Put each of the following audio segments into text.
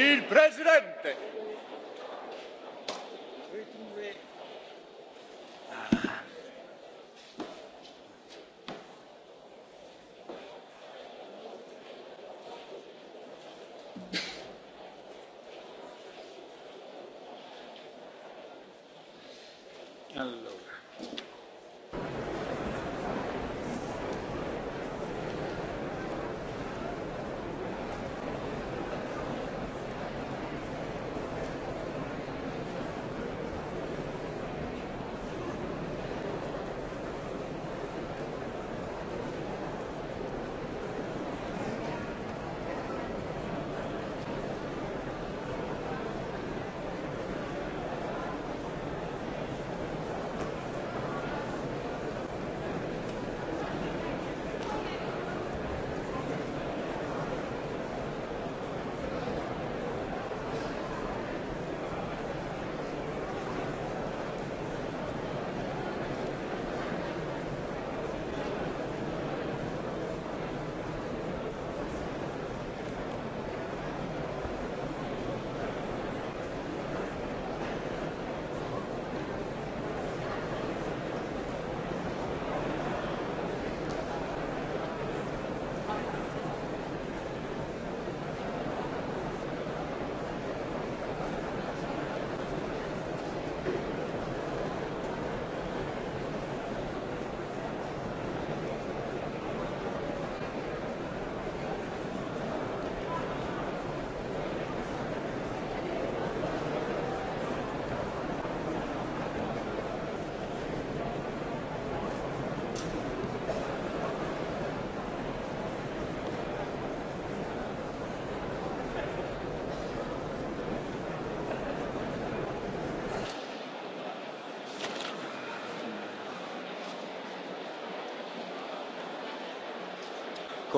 il presidente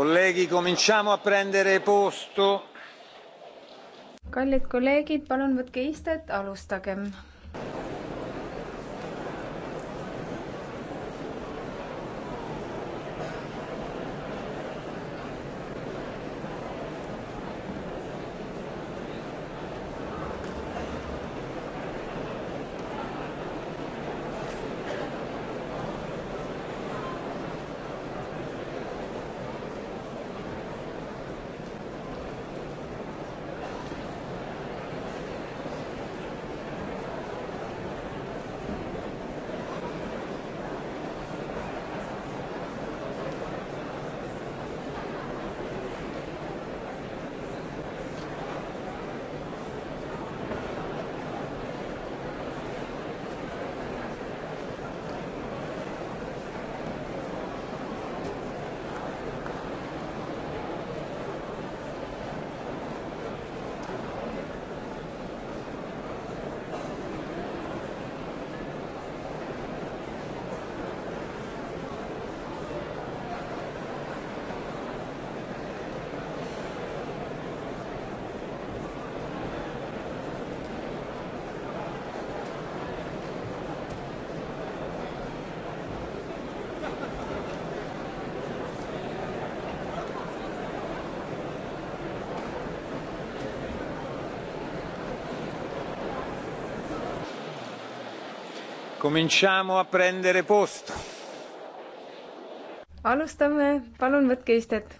Colleghi, cominciamo a prendere posto. kallid kolleegid, palun võtke istet, alustagem. Cominciamo a prendere posto. alustame, palun võtke istet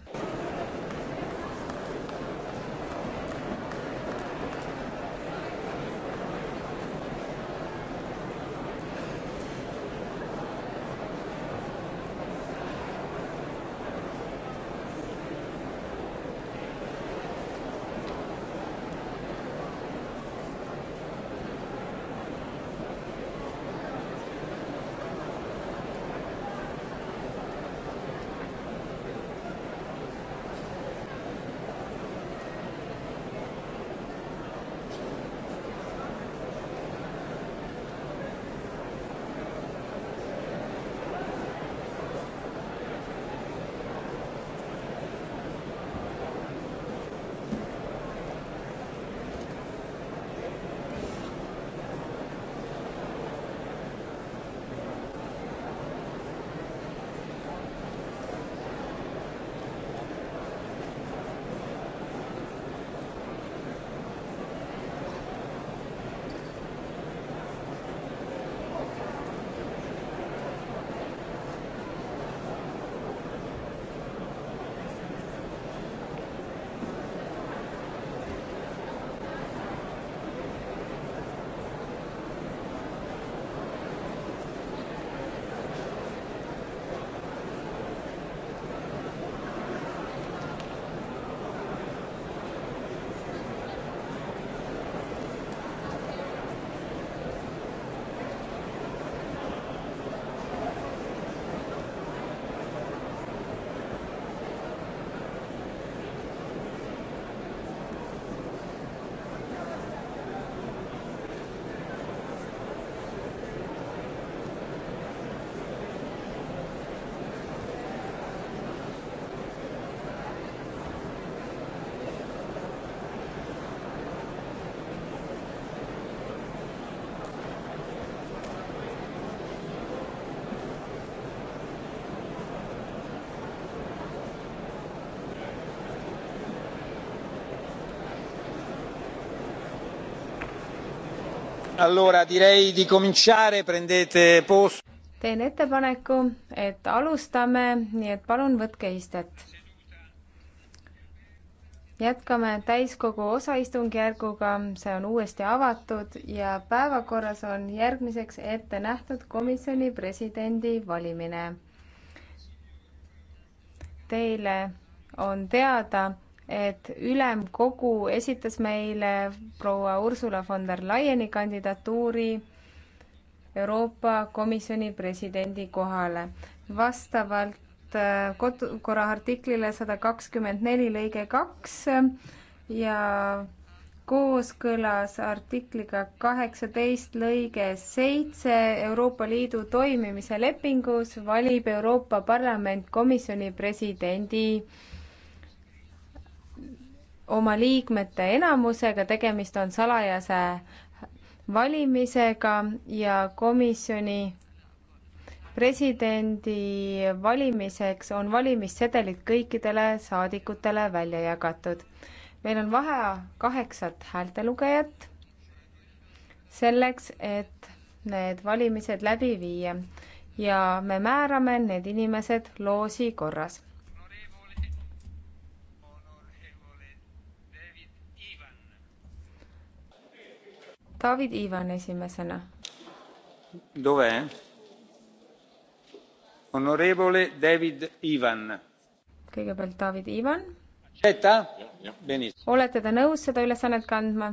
Allora direi di cominciare, prendete posto. teen ettepaneku, et alustame, nii et palun võtke istet. jätkame täiskogu osaistungjärguga, see on uuesti avatud ja päevakorras on järgmiseks ette nähtud komisjoni presidendi valimine. Teile on teada et ülemkogu esitas meile proua Ursula von der Leyeni kandidatuuri Euroopa Komisjoni presidendi kohale. vastavalt äh, kodukorra artiklile sada kakskümmend neli lõige kaks ja kooskõlas artikliga kaheksateist lõige seitse Euroopa Liidu toimimise lepingus valib Euroopa Parlament komisjoni presidendi oma liikmete enamusega, tegemist on salajase valimisega ja komisjoni presidendi valimiseks on valimissedelid kõikidele saadikutele välja jagatud. meil on vaja kaheksat häältelugejat selleks, et need valimised läbi viia ja me määrame need inimesed loosi korras David Ivan esimesena. Dov'è? Onorevole David Ivan. kõigepealt David Ivan. olete te nõus seda ülesannet kandma?